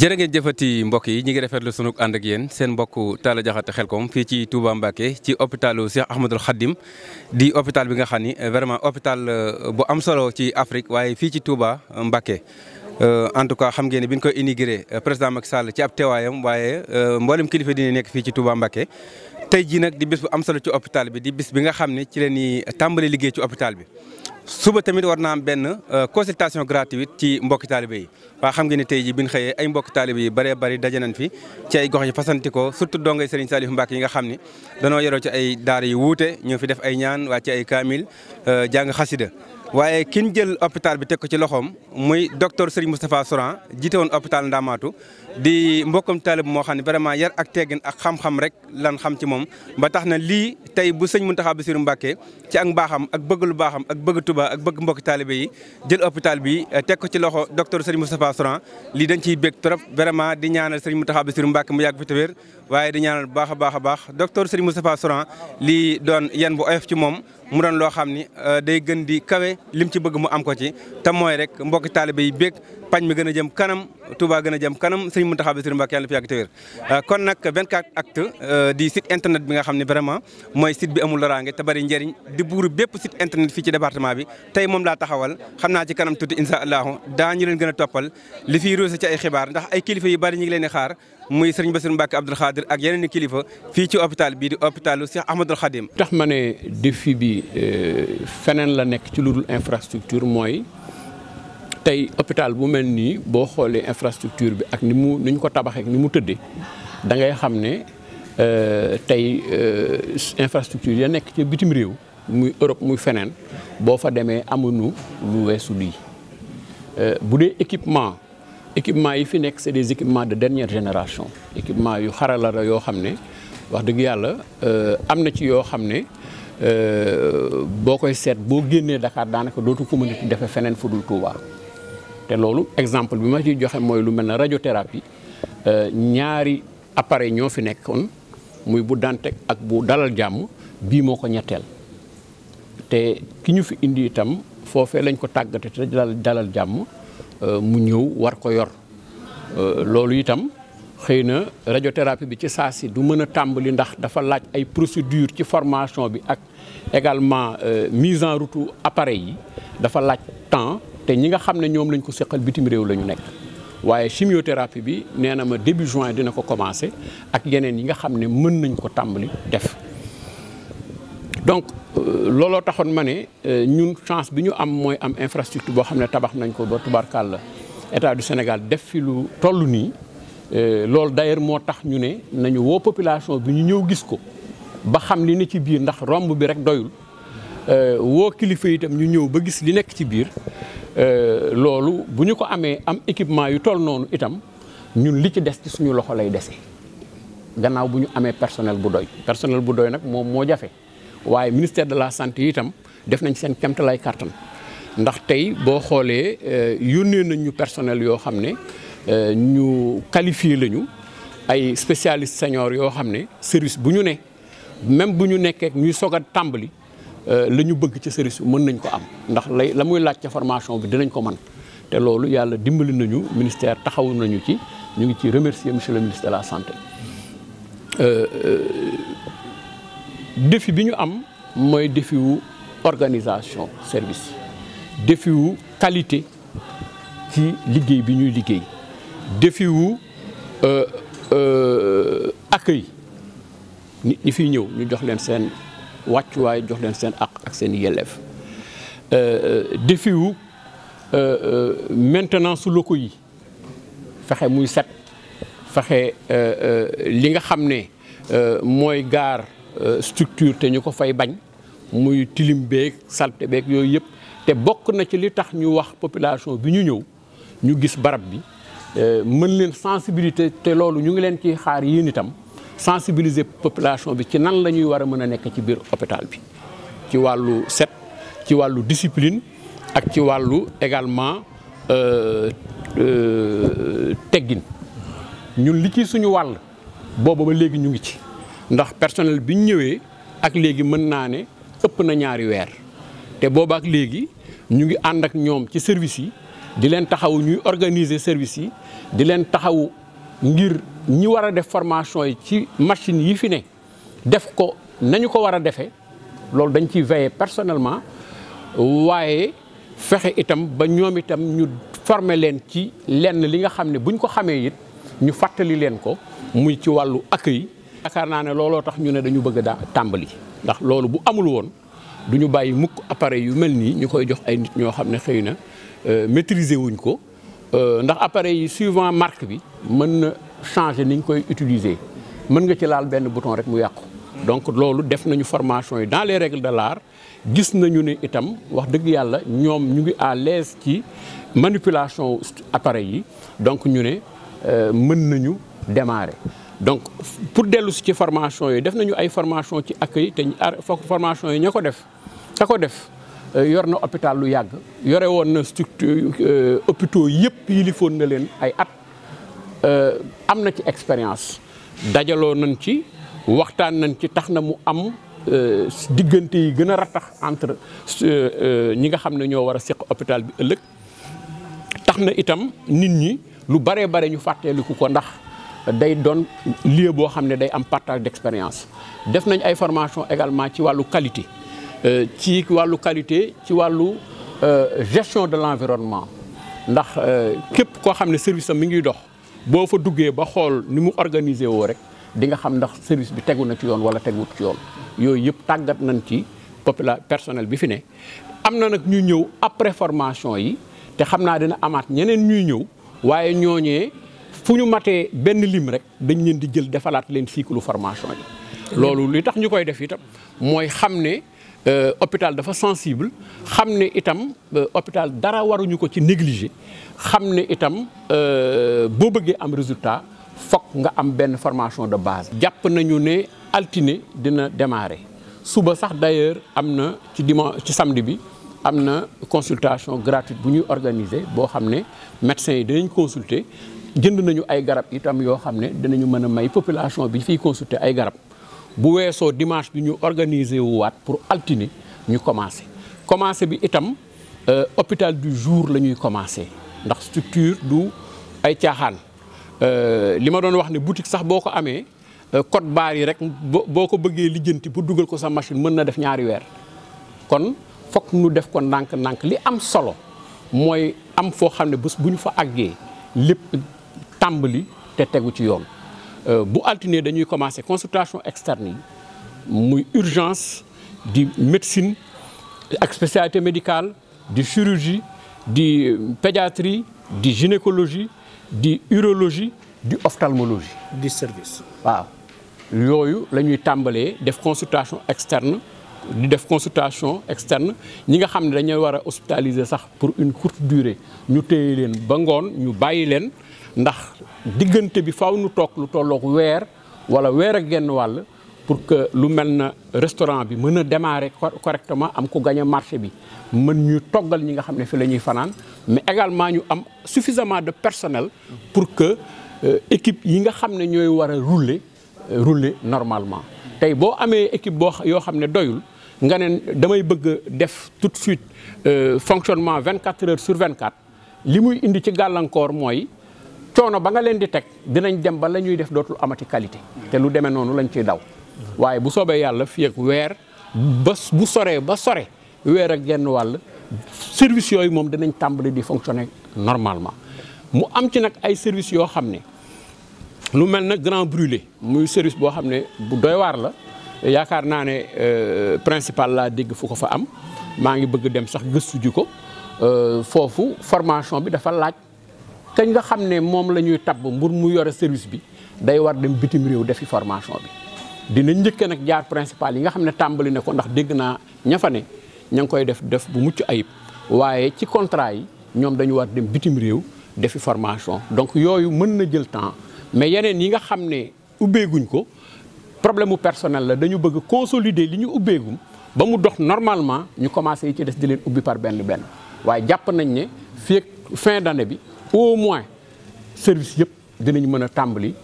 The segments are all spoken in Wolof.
jërë ngeen jëfati mbokk yi ñu ngi rafetlu sunu ànd ak yéen seen mbokk Talla Diakhaté Khelcom fii ci Touba Mbacké ci hôpitalu Cheikh Ahmadul Khadim di hôpital bi nga xam ni vraiment hôpital euh, bu am solo ci Afrique waaye fii ci Touba euh, Mbacké. Euh, en tout cas xam ngeen ne bi ñu koy inauguré président Macky Sall ci ab teewaayam waaye mboolem kilifa dina nekk fii ci Touba Mbacké. tey jii nag di bis bu am solo ci hôpital bi di bis bi nga xam ne ci leen ñuy tàmbali liggéey ci hôpital bi. suba tamit war naa am benn euh, consultation gratuite ci mbokki taalibe yi waa xam nga ne tey ji bi xëyee ay mbokki taalibe yi bëree bëri daje nañ fi ci ay gox yi fasanti ko surtout dongay Serigne Saliou Mbacke yi nga xam ni danoo yoroo ci ay daara yu wuute ñoo fi def ay ñaan waa ci ay kaamil euh, jàng xasida waaye kin jël hôpital bi teg ko ci loxoom muy docteur Serigne Moustapha Souran jiite woon opital ndaamaatu di mbokkum taalib moo xam ne vraiment yar ak teggin ak xam-xam rek lan xam ci moom ba tax na lii tey bu sëñ Mountakha Bassirou Mbacké ci ak mbaaxam ak bëgg lu baaxam ak bëgg Touba ak bëgg mbokki taalibe yi jël hôpital bi eh, teg ko ci loxo docteur Serigne Moustapha Souran lii dañ ciy bég trop vraiment di ñaanal Serigne Mountakha Bassirou Mbacké mu yàgg fi tawéer waaye di ñaanal baax a baax a baax docteur Serigne Moustapha Souran lii doon yan bu oyof ci moom mu doon loo xam ni euh, day gën di kawe lim ci bëgg mu am ko ci te mooy rek mbokki taalibe yi beeg pañ mi gën a jëm kanam Touba gën a jëm kanam sëñ Mountakha Bassirou Mbacké yàlla fi yàgg te wér euh, kon nag 24 actu euh, di site internet bi nga xam ne vraiment mooy site bi amul loraange te bari njëriñ di buuru bépp site internet fii ci département bi tey moom laa taxawal xam naa ci kanam tuuti insha allahu daañu leen gën a toppal li fiy ruuse ci ay xibaar ndax ay kilifa yu bari ñu ngi leen di xaar muy sëriñ Bassirou Mbacké Abdoul Khadir ak yeneen i kilifa fii ci hôpital bii di hôpitalu Cheikh Ahmadoul Khadim tax ma ne défi bi euh, feneen la nekk ci lu dul infrastructure mooy tey hôpital bu mel nii boo xoolee infrastructure bi ak ni mu ni ñu ko tabaxee ni mu tëddee da ngay xam ne euh, tey euh, infrastructure ya nekk ci bitim réew muy Europe muy feneen boo fa demee amuñu lu weesu lii euh, bu dee équipement équipement yi fi nekk c'est des équipements de dernière génération équipement yu xarala la yoo xam ne wax dëgg yàlla am na ci yoo xam ne boo koy seet boo génnee Dakar daanaka dootu ko mën a defee feneen fu dul Touba. te loolu exemple bi ma ciy joxe mooy lu mel ne radiothérapie euh, ñaari appareil ñoo fi nekkoon muy bu Dantec ak bu Dalal Jàmm bii moo ko ñetteel te ki ñu fi indi itam foofee lañ ko tàggate te Dalal Jàmm euh, mu ñëw war ko yor euh, loolu itam xëy na radiothérapie bi ci saa si du mën a tàmbali ndax dafa laaj ay procédure ci formation bi ak également mise en route appareil yi dafa laaj temps te ñi nga xam ne ñoom lañ ko seqal bitim réew la ñu nekk waaye chimiothérapie bi nee na ma début juin dina ko commencé ak geneen yi nga xam ne mën nañ ko tàmbali def donc euh, looloo taxoon ma ne euh, ñun chance bi ñu am mooy am infrastructure boo xam ne tabax nañ ko ba tubarkàlla état du Sénégal def fi lu toll nii euh, loolu d'ailleurs moo tax ñu ne nañu woo population bi ñu ñëw gis ko ba xam li ne ci biir ndax romb bi rek doyul Euh, woo kilifa yi itam ñu ñëw ba gis li nekk ci biir euh, loolu bu ñu ko amee am équipement yu toll noonu itam ñun li ci des ci suñu loxo lay dese gannaaw bu ñu amee personnel bu doy personnel bu doy nag moom moo jafe waaye ministère de la santé itam def nañ seen kemtalaay kartan ndax tey boo xoolee euh, yónnee nañ ñu personnel yoo xam ne ñu qualifié lañu ay spécialiste senior yoo xam ne service bu ñu ne même bu ñu nekkee ñuy soog a tàmbali Euh, la ñu bëgg ci service mën nañ ko am ndax lay la muy laaj ca formation bi dinañ ko man te loolu yàlla dimbali nañu ministère taxawu nañu ci ñu ngi ci remercier monsieur le ministre de la santé euh, euh, défi bi ñu am mooy défi organisation service défi wu qualité ci liggéey bi ñuy liggéey défi wu accueil nit ñi fiy ñëw ñu jox leen seen wàccuwaay jox leen seen àq ak seen yelleef euh, euh, défi wu euh, maintenance su locaux yi fexe muy set fexe li nga xam ne mooy gaar structure te ñu ko fay bañ muy tilim beeg salte beeg yooyu yëpp te bokk na ci li tax ñu wax population bi ñu ñëw ñu gis barab bi mën leen sensibilité te loolu ñu ngi leen ci xaar yéen itam sensibiliser population bi ci nan la ñuy war a mën a nekk ci biir hôpital bi ci wàllu set ci wàllu disipline ak ci wàllu également euh, euh, teggin ñun li ci suñu wàll boobu ba léegi ñu ngi ci ndax personnel bi ñëwee ak léegi mën naa ne ëpp na ñaari weer te booba ak léegi ñu ngi ànd ak ñoom ci service yi di leen taxawu ñuy organiser service yi di leen taxaw ngir ñi war a def formation yi ci machine yi fi ne def ko nañu ko war a defee loolu dañ ciy veiller personnellement waaye fexe itam ba ñoom itam ñu former leen ci lenn li nga xam ne buñ ko xamee it ñu fàttali leen ko muy ci wàllu accueil. yaakaar naa ne looloo tax ñu ne dañu bëgg a tàmbali ndax loolu bu amul woon du ñu bàyyi mukk appareil yu mel nii ñu koy jox ay nit ñoo xam ne xëy na euh, maîtriser wuñ ko. Euh, ndax appareil yi suivant marque bi mën na changer ni koy utiliser mën nga ci laal benn bouton rek mu yàqu. donc loolu def nañu formation yi dans les règles de laar gis nañu ni itam wax dëgg yàlla ñoom ñu ngi à l'aise ci manipulation appareil yi donc ñu ne euh, mën nañu démarrer. donc pour dellu si ci formation yi def nañu ay formation ci accueil te formation yi ña ko def ka ko def. Euh, yor na hôpital lu yàgg yore woon na structure euh, hôpitaux yëpp yilifoon na leen ay at euh, am na ci expérience dajaloo nañ ci waxtaan nañ ci tax na mu am diggante yi gën a ratax entre ñi nga xam ne ñoo war a seq hôpital bi ëllëg tax na itam nit ñi lu baree bare ñu fàtteeliku ko ndax day doon lieu boo xam ne day am partage d'expérience def nañ ay formation également ci wàllu qualité Euh, ci wàllu qualité ci wàllu euh, gestion de l'environnement ndax euh, képp koo xam ne service am mi ngi dox boo fa duggee ba xool ni mu organiser woo rek di nga xam ndax service bi tegu na ci yoon wala teguwut ci yoon yooyu yëpp tàggat nañ ci popula personnel bi fi ne am na nag ñu ñëw après formation yi te xam naa dina amaat ñeneen ñuy ñëw waaye ñooñee fu ñu matee benn lim rek dañ leen di jël defalaat leen cycle formation yi loolu li tax ñu koy def itam mooy xam ne Euh, hôpital dafa sensible xam ne itam euh, hôpital dara waruñu ko ci négliger xam ne itam euh, boo bëggee am résultat fokk nga am benn formation de base. jàpp nañu ne altine dina démarrer suba sax d'ailleurs am na ci dimanche ci samedi bi am na consultation gratuite bu ñuy organiser boo xam ne médecins yi dinañ consulter jënd nañu ay garab itam yoo xam ne dinañu mën a may population bi fii consulter ay garab. bu weesoo dimanche bi ñu organiser wuwaat pour altine ñu commencé commencé bi itam euh, hôpital du jour la ñuy commencé ndax structure du ay caaxaan euh, li ma doon wax ne boutique sax boo ko amee euh, code barre yi rek boo ko bëggee lijjanti pour dugal ko sa machine mën na def ñaari weer kon fokk nu def ko ndànk-ndànk li am solo mooy am foo xam ne bés bu ñu fa àggee lépp tàmbali te tegu ci yoon Euh, bu altine dañuy commencer consultation externe muy urgence di médecine ak spécialité médicale di chirurgie di euh, pédiatrie di gynécologie di urologie di ophtalmologie. di service. waaw yooyu la ñuy tàmbalee def consultation externe di def consultation externe ñi nga xam ne dañuy war a hospitaliser sax pour une courte durée ñu téye leen ba ngoon ñu bàyyi leen ndax. diggante bi faaw nu toog lu tolloog weer wala weer ak genn wàll pour que lu mel na restaurant bi mën a demare correctement am ko gañ a marché bi mën ñu toggal ñi nga xam ne fi lañuy fanaan mais également ñu am suffisamment de personnel pour que euh, équipe yi nga xam ne ñooy war a rouler euh, rouler normalement tey boo amee équipe boo yoo xam ne doyul nga ne damay bëgg def tout de suite euh, fonctionnement quatre heures sur 24 li muy indi ci gàllankoor mooy coono ba nga leen di teg dinañ dem ba la ñuy def dootul amati qualité te lu demee noonu lañ ciy daw waaye bu soobee yàlla fii weer ba bu soree ba sore weer ak genn wàll service yooyu moom dinañ tàmbali di fonctionner normalement mu am ci nag ay service yoo xam ne lu mel na Grand Brûlé muy service boo xam ne bu doy waar la yaakaar naa ne euh, principal laa dégg fu ko fa am maa ngi bëgg dem sax gëstuji ji ko euh, foofu formation bi dafa laaj kañ nga xam ne moom la ñuy tabb mbur mu yore service bi day war dem bitim réew defi formation bi dina njëkke nag jaar principal yi nga xam ne tàmbali ne ko ndax dégg naa ña fa ne ña ngi koy def def bu mucc ayib waaye ci contrat yi ñoom dañu war dem bitim réew defi formation donc yooyu mën na jël temps mais yeneen yi nga xam ne ubbeeguñ ko problème mu personnel la dañu bëgg consolider li ñu ubbeegum ba mu dox normalement ñu commencé yi ci des di leen ubbi par benn benn waaye jàpp nañ ne fii ak fin d'année bi au moins service yëpp dinañ mën a tàmbali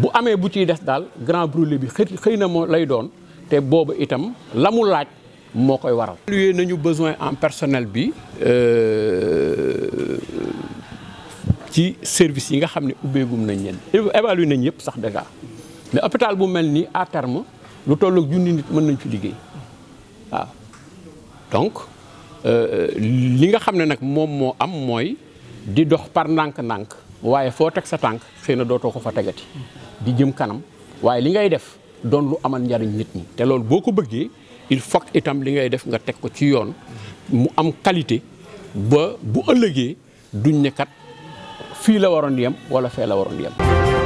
bu amee bu ciy des daal grand brûlé bi xëy na moo lay doon te booba itam la mu laaj moo koy waral. évaluer nañu besoin en personnel bi euh, ci service yi nga xam ne ubbeegum nañ leen évaluer nañ yëpp sax déjà mais hôpital bu mel nii à lu tolloog junni nit mën nañ fi liggéey waaw donc euh, li nga xam ne nag moom moo am mooy. di dox par ndànk-ndànk waaye foo teg sa tànk xëy na dootoo ko fa tegati di jëm kanam waaye li ngay def doon lu amal njariñ nit ñi te loolu boo ko bëggee il faut itam li ngay def nga teg ko ci yoon mu am qualité ba bu ëllëgee duñ ne kat fii la waroon di yem wala fee la waroon yem